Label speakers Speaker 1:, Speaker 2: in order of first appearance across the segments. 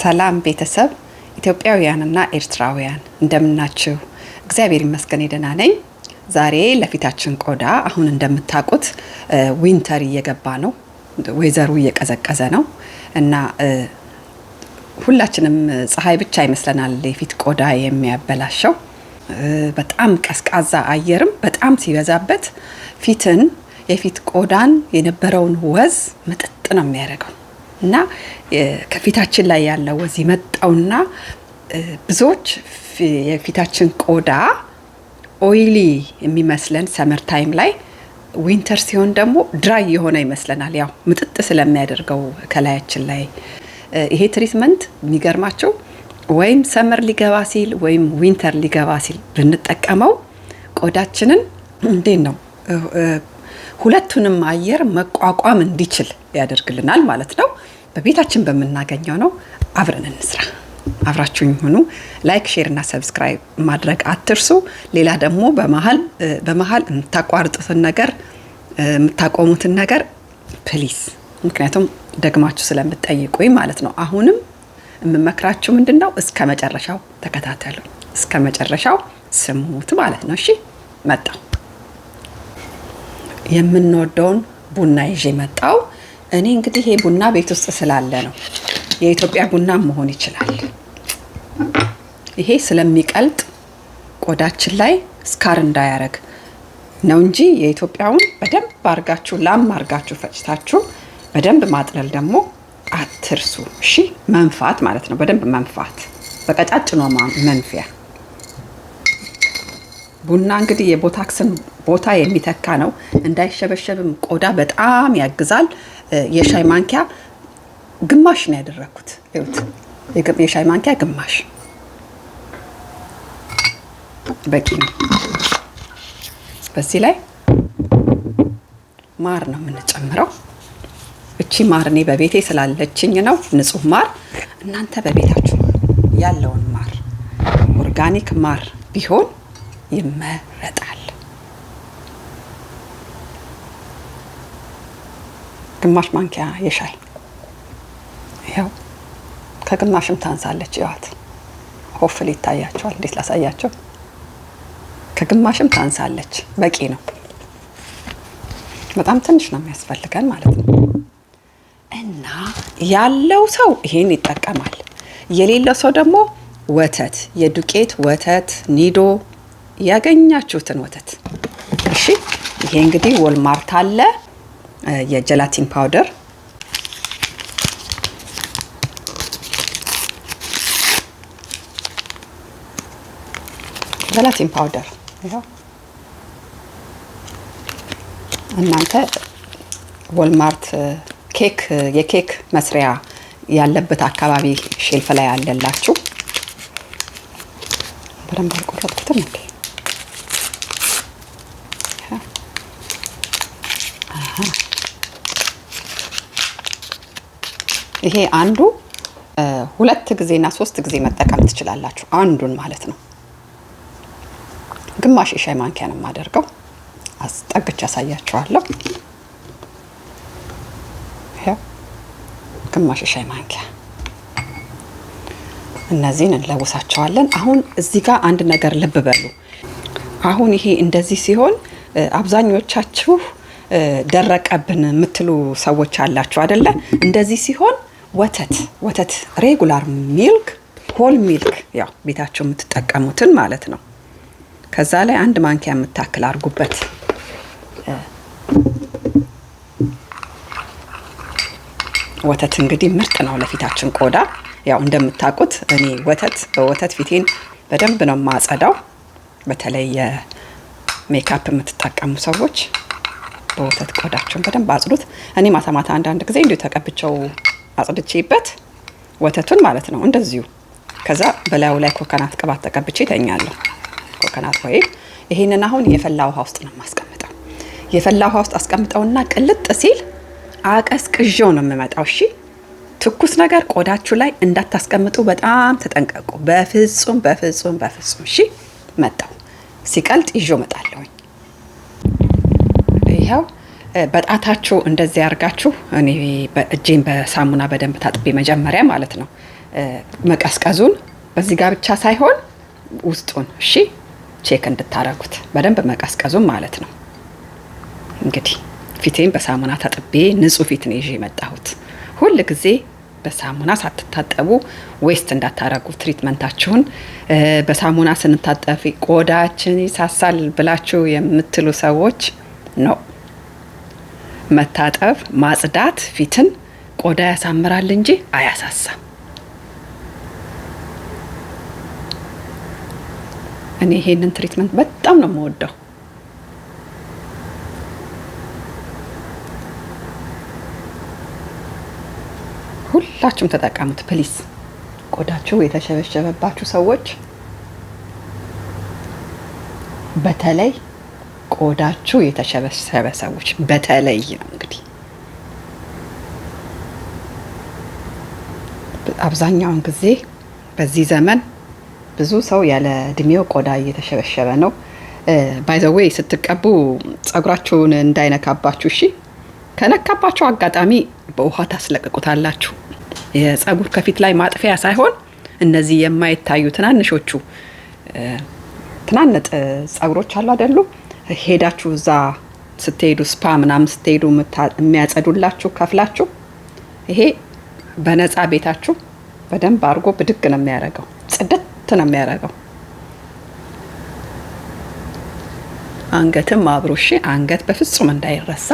Speaker 1: ሰላም ቤተሰብ ኢትዮጵያውያንና ኤርትራውያን እንደምናችሁ? እግዚአብሔር ይመስገን ደህና ነኝ። ዛሬ ለፊታችን ቆዳ አሁን እንደምታውቁት ዊንተር እየገባ ነው፣ ወይዘሩ እየቀዘቀዘ ነው እና ሁላችንም ፀሐይ ብቻ ይመስለናል የፊት ቆዳ የሚያበላሸው። በጣም ቀዝቃዛ አየርም በጣም ሲበዛበት ፊትን የፊት ቆዳን የነበረውን ወዝ ምጥጥ ነው የሚያደርገው። እና ከፊታችን ላይ ያለው ወዝ የመጣውና ብዙዎች የፊታችን ቆዳ ኦይሊ የሚመስለን ሰመር ታይም ላይ ዊንተር ሲሆን ደግሞ ድራይ የሆነ ይመስለናል። ያው ምጥጥ ስለሚያደርገው ከላያችን ላይ ይሄ ትሪትመንት የሚገርማቸው ወይም ሰመር ሊገባ ሲል ወይም ዊንተር ሊገባ ሲል ብንጠቀመው ቆዳችንን እንዴት ነው ሁለቱንም አየር መቋቋም እንዲችል ያደርግልናል ማለት ነው። በቤታችን በምናገኘው ነው። አብረን እንስራ። አብራችሁኝ ሁኑ። ላይክ፣ ሼር እና ሰብስክራይብ ማድረግ አትርሱ። ሌላ ደግሞ በመሀል የምታቋርጡትን ነገር የምታቆሙትን ነገር ፕሊስ ምክንያቱም ደግማችሁ ስለምትጠይቁኝ ማለት ነው። አሁንም የምመክራችሁ ምንድን ነው፣ እስከ መጨረሻው ተከታተሉ፣ እስከ መጨረሻው ስሙት ማለት ነው። እሺ፣ መጣው የምንወደውን ቡና ይዤ መጣው። እኔ እንግዲህ ይሄ ቡና ቤት ውስጥ ስላለ ነው። የኢትዮጵያ ቡና መሆን ይችላል። ይሄ ስለሚቀልጥ ቆዳችን ላይ ስካር እንዳያረግ ነው እንጂ የኢትዮጵያውን በደንብ አርጋችሁ ላም አርጋችሁ ፈጭታችሁ በደንብ ማጥለል ደግሞ አትርሱ። እሺ፣ መንፋት ማለት ነው። በደንብ መንፋት፣ በቀጫጭኗ መንፊያ። ቡና እንግዲህ የቦታክስን ቦታ የሚተካ ነው። እንዳይሸበሸብም ቆዳ በጣም ያግዛል። የሻይ ማንኪያ ግማሽ ነው ያደረኩት። የሻይ ማንኪያ ግማሽ በቂ ነው። በዚህ ላይ ማር ነው የምንጨምረው። እቺ ማር እኔ በቤቴ ስላለችኝ ነው፣ ንጹህ ማር። እናንተ በቤታችሁ ያለውን ማር ኦርጋኒክ ማር ቢሆን ይመረጣል። ግማሽ ማንኪያ የሻይ ያው ከግማሽም ታንሳለች። ይዋት ሆፍል ይታያቸዋል። እንዴት ላሳያቸው? ከግማሽም ታንሳለች። በቂ ነው። በጣም ትንሽ ነው የሚያስፈልገን ማለት ነው። እና ያለው ሰው ይሄን ይጠቀማል። የሌለው ሰው ደግሞ ወተት፣ የዱቄት ወተት፣ ኒዶ፣ ያገኛችሁትን ወተት። እሺ ይሄ እንግዲህ ወልማርት አለ። የጀላቲን ፓውደር ጀላቲን ፓውደር እናንተ ወልማርት ኬክ የኬክ መስሪያ ያለበት አካባቢ ሼልፍ ላይ አለላችሁ። በደንብ አልቆረጥኩትም እንዴ? አሃ ይሄ አንዱ ሁለት ጊዜና ሶስት ጊዜ መጠቀም ትችላላችሁ። አንዱን ማለት ነው። ግማሽ የሻይ ማንኪያ ነው የማደርገው። አስጠግቼ ያሳያችኋለሁ። ግማሽ የሻይ ማንኪያ እነዚህን እንለውሳቸዋለን። አሁን እዚህ ጋር አንድ ነገር ልብ በሉ። አሁን ይሄ እንደዚህ ሲሆን አብዛኞቻችሁ ደረቀብን የምትሉ ሰዎች አላችሁ አደለ? እንደዚህ ሲሆን ወተት ወተት ሬጉላር ሚልክ ሆል ሚልክ ያው ቤታቸው የምትጠቀሙትን ማለት ነው። ከዛ ላይ አንድ ማንኪያ የምታክል አድርጉበት። ወተት እንግዲህ ምርጥ ነው ለፊታችን ቆዳ። ያው እንደምታውቁት እኔ ወተት በወተት ፊቴን በደንብ ነው የማጸዳው። በተለይ የሜካፕ የምትጠቀሙ ሰዎች በወተት ቆዳቸውን በደንብ አጽዱት። እኔ ማታ ማታ አንዳንድ ጊዜ እንዲሁ ተቀብቸው አጽድቼበት ወተቱን ማለት ነው እንደዚሁ። ከዛ በላዩ ላይ ኮከናት ቅባት ተቀብቼ ተኛለሁ። ኮከናት ወይም ይሄንን አሁን የፈላ ውሃ ውስጥ ነው የማስቀምጠው። የፈላ ውሃ ውስጥ አስቀምጠውና ቅልጥ ሲል አቀዝቅዤው ነው የምመጣው። እሺ ትኩስ ነገር ቆዳችሁ ላይ እንዳታስቀምጡ በጣም ተጠንቀቁ። በፍጹም በፍጹም በፍጹም። እሺ መጣው ሲቀልጥ ይዤ እመጣለሁኝ። ይኸው በጣታችሁ እንደዚህ አድርጋችሁ እኔ እጄን በሳሙና በደንብ ታጥቤ መጀመሪያ ማለት ነው መቀዝቀዙን በዚህ ጋር ብቻ ሳይሆን ውስጡን እሺ ቼክ እንድታረጉት በደንብ መቀዝቀዙን ማለት ነው። እንግዲህ ፊቴን በሳሙና ታጥቤ ንጹህ ፊት ነው ይዤ የመጣሁት። ሁል ጊዜ በሳሙና ሳትታጠቡ ዌስት እንዳታረጉ ትሪትመንታችሁን። በሳሙና ስንታጠፊ ቆዳችን ይሳሳል ብላችሁ የምትሉ ሰዎች ነው። መታጠብ፣ ማጽዳት ፊትን ቆዳ ያሳምራል እንጂ አያሳሳም። እኔ ይሄንን ትሪትመንት በጣም ነው የምወደው። ሁላችሁም ተጠቀሙት ፕሊስ። ቆዳችሁ የተሸበሸበባችሁ ሰዎች በተለይ ሆዳችሁ የተሸበሰበ ሰዎች በተለይ ነው እንግዲህ አብዛኛውን ጊዜ በዚህ ዘመን ብዙ ሰው ያለ እድሜው ቆዳ እየተሸበሸበ ነው። ባይዘዌይ ስትቀቡ ጸጉራችሁን እንዳይነካባችሁ እሺ። ከነካባችሁ አጋጣሚ በውሃ ታስለቅቁታላችሁ። የጸጉር ከፊት ላይ ማጥፊያ ሳይሆን እነዚህ የማይታዩ ትናንሾቹ ትናንጥ ጸጉሮች አሉ አይደሉ? ሄዳችሁ እዛ ስትሄዱ ስፓ ምናምን ስትሄዱ የሚያጸዱላችሁ ከፍላችሁ፣ ይሄ በነፃ ቤታችሁ በደንብ አድርጎ ብድግ ነው የሚያደርገው፣ ጽድት ነው የሚያደርገው። አንገትም አብሮ እሺ፣ አንገት በፍጹም እንዳይረሳ።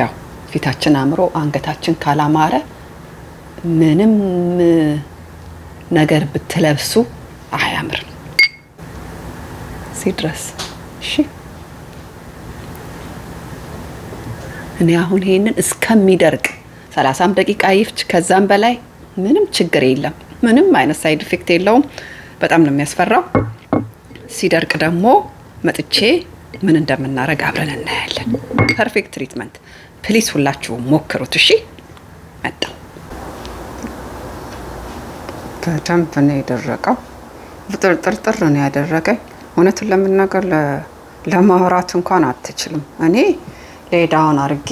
Speaker 1: ያው ፊታችን አምሮ አንገታችን ካላማረ ምንም ነገር ብትለብሱ አያምርም። ሲድረስ እሺ። እኔ አሁን ይሄንን እስከሚደርቅ ሰላሳም ደቂቃ ይፍች፣ ከዛም በላይ ምንም ችግር የለም። ምንም አይነት ሳይድ ኢፌክት የለውም። በጣም ነው የሚያስፈራው። ሲደርቅ ደግሞ መጥቼ ምን እንደምናደርግ አብረን እናያለን። ፐርፌክት ትሪትመንት ፕሊስ፣ ሁላችሁም ሞክሩት እሺ። መጣ በደንብ ነው የደረቀው። ውጥርጥርጥር ነው ያደረገኝ። እውነቱን ለምናገር ለማውራት እንኳን አትችልም። እኔ ሌዳውን አርጌ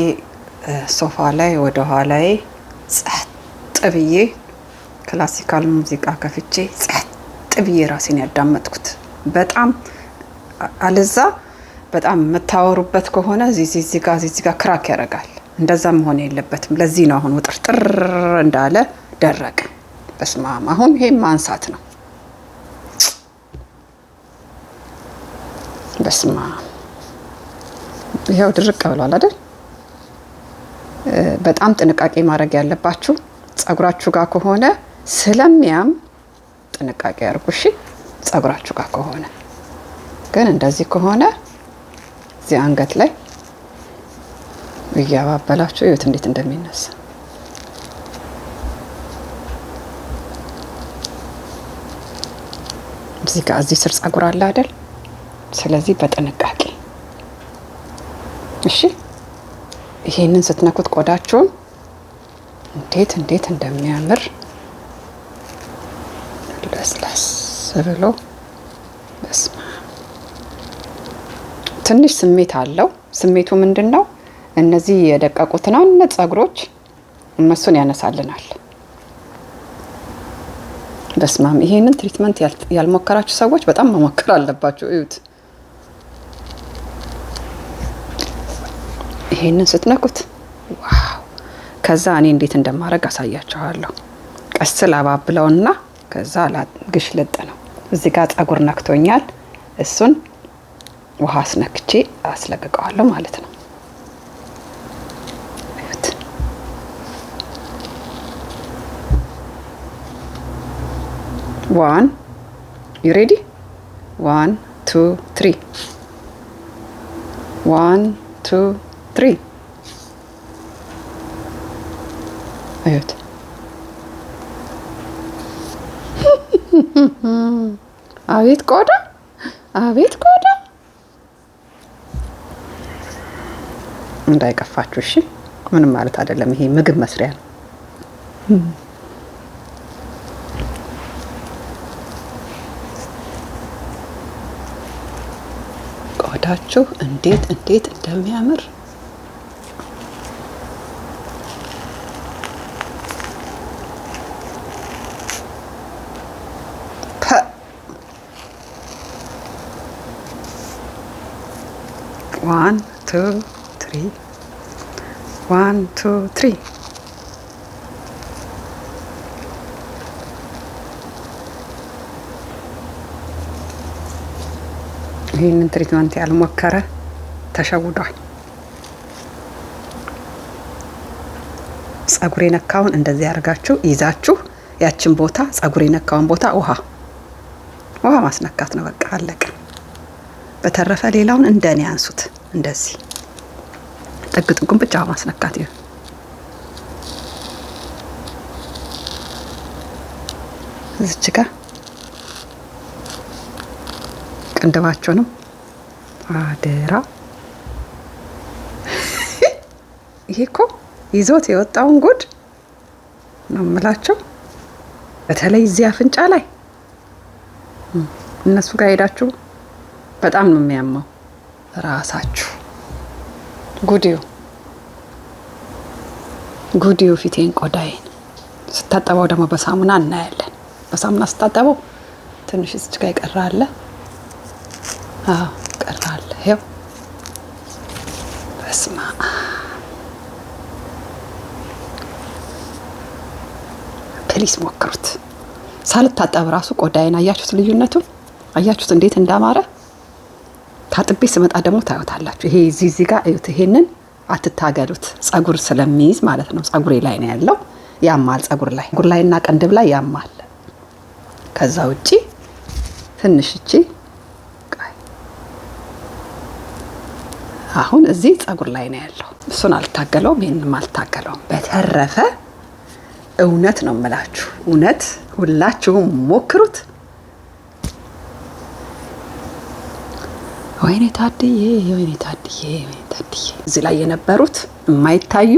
Speaker 1: ሶፋ ላይ ወደ ኋላዬ ጸጥ ብዬ ክላሲካል ሙዚቃ ከፍቼ ጸጥ ብዬ ራሴን ያዳመጥኩት በጣም አልዛ በጣም የምታወሩበት ከሆነ ዚዚዚ ዚዚጋ ክራክ ያደርጋል። እንደዛ መሆን የለበትም። ለዚህ ነው አሁን ውጥርጥር እንዳለ ደረቀ። በስማም አሁን ይሄም ማንሳት ነው። በስማ ይኸው ድርቅ ብሏል አይደል? በጣም ጥንቃቄ ማድረግ ያለባችሁ ጸጉራችሁ ጋር ከሆነ ስለሚያም ጥንቃቄ አድርጉ። እሺ፣ ጸጉራችሁ ጋር ከሆነ ግን እንደዚህ ከሆነ እዚህ አንገት ላይ እያባበላችሁ ይወት እንዴት እንደሚነሳ እዚህ ጋር እዚህ ስር ጸጉር አለ አይደል? ስለዚህ በጥንቃቄ እሺ። ይሄንን ስትነኩት ቆዳችሁን እንዴት እንዴት እንደሚያምር ለስለስ ብሎ በስማ ትንሽ ስሜት አለው። ስሜቱ ምንድን ነው? እነዚህ የደቀቁ ትናንሽ ጸጉሮች እነሱን ያነሳልናል። በስማም ይሄንን ትሪትመንት ያልሞከራችሁ ሰዎች በጣም መሞከር አለባችሁ። እዩት። ይሄንን ስትነኩት ዋው! ከዛ እኔ እንዴት እንደማድረግ አሳያችኋለሁ። ቀስ ላባብለውና ከዛ ግሽ ልጥ ነው። እዚህ ጋር ጸጉር ነክቶኛል። እሱን ውሃ አስነክቼ አስለቅቀዋለሁ ማለት ነው። ዋን ዩ ሬዲ ዋን ቱ ትሪ ዋን ቱ Три. Ають. Avet koda? Avet koda? እንዳይቀፋችሁ እሺ። ምንም ማለት አይደለም። ይሄ ምግብ መስሪያ ነው። ቆዳችሁ እንዴት እንዴት እንደሚያምር ቱ ትሪ ዋን ቱ ትሪ ይህንን ትሪትመንት ያልሞከረ ተሸውዷል። ጸጉር የነካውን እንደዚህ ያደርጋችሁ ይዛችሁ ያችን ቦታ ጸጉር የነካውን ቦታ ውሃ ውሃ ማስነካት ነው። በቃ አለቀ። በተረፈ ሌላውን እንደኔ ያንሱት። እንደዚህ ጥግ ጥጉን ብቻ ማስነካት ይሁን። እዚች ጋ ቅንድባቸውንም አደራ። ይሄ እኮ ይዞት የወጣውን ጉድ ነው የምላቸው። በተለይ እዚህ አፍንጫ ላይ እነሱ ጋር ሄዳችሁ በጣም ነው የሚያማው። ራሳችሁ ጉዲዩ ጉዲዩ ፊቴን ቆዳዬን ስታጠበው ደግሞ በሳሙና እናያለን። በሳሙና ስታጠበው ትንሽ እዚህ ጋር ይቀራል። አዎ ይቀራል። በስማ ፕሊስ ሞክሩት። ሳልታጠብ ራሱ ቆዳዬን አያችሁት? ልዩነቱ አያችሁት እንዴት እንዳማረ ታጥቤ ስመጣ ደግሞ ታዩታላችሁ። ይሄ እዚህ እዚህ ጋር እዩት። ይሄንን አትታገሉት፣ ጸጉር ስለሚይዝ ማለት ነው። ጸጉሬ ላይ ነው ያለው። ያማል፣ ጸጉር ላይ ጸጉር ላይና ቀንድብ ላይ ያማል። ከዛ ውጪ ትንሽ እቺ አሁን እዚህ ጸጉር ላይ ነው ያለው። እሱን አልታገለውም፣ ይህንም አልታገለውም። በተረፈ እውነት ነው የምላችሁ፣ እውነት ሁላችሁም ሞክሩት። ወይኔ ታድዬ፣ ወይኔ ታድዬ፣ ወይኔ ታድዬ። እዚህ ላይ የነበሩት የማይታዩ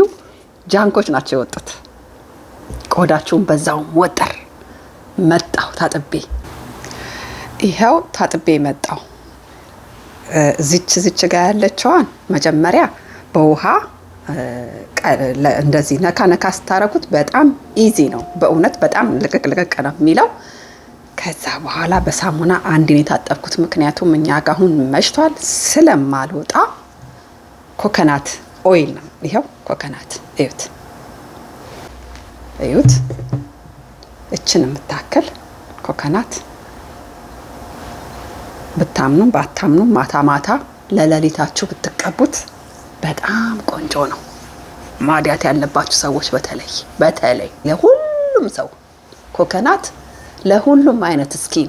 Speaker 1: ጃንኮች ናቸው የወጡት። ቆዳችሁን በዛው ወጠር መጣሁ ታጥቤ፣ ይኸው ታጥቤ መጣሁ። እዚች ዝች ጋር ያለችዋን መጀመሪያ በውሃ እንደዚህ ነካ ነካ ስታረጉት በጣም ኢዚ ነው። በእውነት በጣም ልቅቅ ልቅቅ ነው የሚለው ከዛ በኋላ በሳሙና አንድን የታጠብኩት ምክንያቱም እኛ ጋ አሁን መሽቷል ስለማልወጣ ኮከናት ኦይል ነው። ይኸው ኮከናት እዩት፣ እዩት። እችን የምታከል ኮከናት ብታምኑም ባታምኑም ማታ ማታ ለሌሊታችሁ ብትቀቡት በጣም ቆንጆ ነው። ማዲያት ያለባችሁ ሰዎች በተለይ በተለይ ለሁሉም ሰው ኮከናት ለሁሉም አይነት ስኪን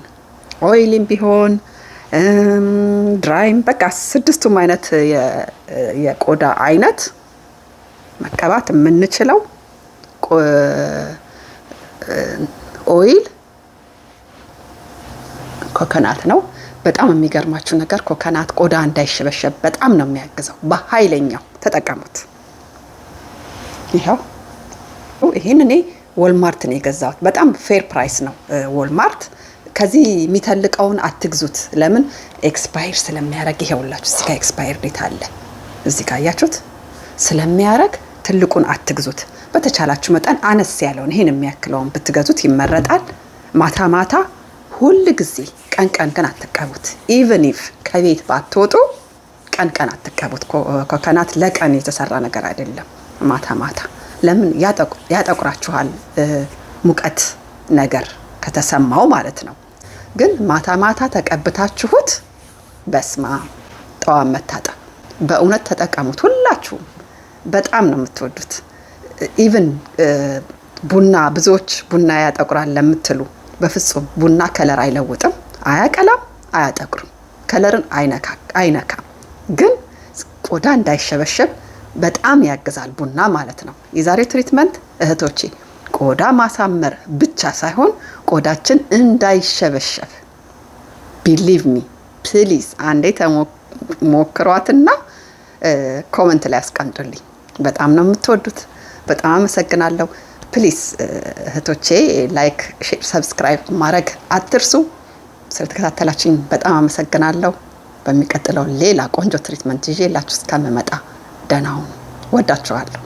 Speaker 1: ኦይልም ቢሆን ድራይም በቃ ስድስቱም አይነት የቆዳ አይነት መቀባት የምንችለው ኦይል ኮኮናት ነው። በጣም የሚገርማችሁ ነገር ኮኮናት ቆዳ እንዳይሸበሸብ በጣም ነው የሚያግዘው። በኃይለኛው ተጠቀሙት። ይኸው ይህን እኔ ወልማርት ነው የገዛሁት። በጣም ፌር ፕራይስ ነው ወልማርት። ከዚህ የሚተልቀውን አትግዙት። ለምን ኤክስፓየር ስለሚያደርግ ይሄውላችሁ፣ እዚህ ጋር ኤክስፓየር ዴት አለ። እዚህ ጋር አያችሁት ስለሚያደርግ ትልቁን አትግዙት። በተቻላችሁ መጠን አነስ ያለውን ይሄን የሚያክለውን ብትገዙት ይመረጣል። ማታ ማታ ሁል ጊዜ ቀን ቀን ግን አትቀቡት። ኢቨን ኢፍ ከቤት ባትወጡ ቀን ቀን አትቀቡት። ኮከናት ለቀን የተሰራ ነገር አይደለም። ማታ ማታ ለምን ያጠቁራችኋል፣ ሙቀት ነገር ከተሰማው ማለት ነው። ግን ማታ ማታ ተቀብታችሁት በስማ ጠዋም መታጠብ በእውነት ተጠቀሙት። ሁላችሁም በጣም ነው የምትወዱት። ኢቭን ቡና ብዙዎች ቡና ያጠቁራል ለምትሉ በፍጹም ቡና ከለር አይለውጥም፣ አያቀላም፣ አያጠቁርም፣ ከለርን አይነካም። ግን ቆዳ እንዳይሸበሸብ በጣም ያግዛል ቡና ማለት ነው። የዛሬ ትሪትመንት እህቶቼ ቆዳ ማሳመር ብቻ ሳይሆን ቆዳችን እንዳይሸበሸብ ቢሊቭ ሚ ፕሊዝ አንዴ ተሞክሯትና ኮመንት ላይ አስቀምጡልኝ። በጣም ነው የምትወዱት። በጣም አመሰግናለሁ። ፕሊዝ እህቶቼ ላይክ፣ ሼር፣ ሰብስክራይብ ማድረግ አትርሱ። ስለተከታተላችኝ በጣም አመሰግናለሁ። በሚቀጥለው ሌላ ቆንጆ ትሪትመንት ይዤ ላችሁ እስከምመጣ ደህና ሁኑ። ወዳችኋለሁ።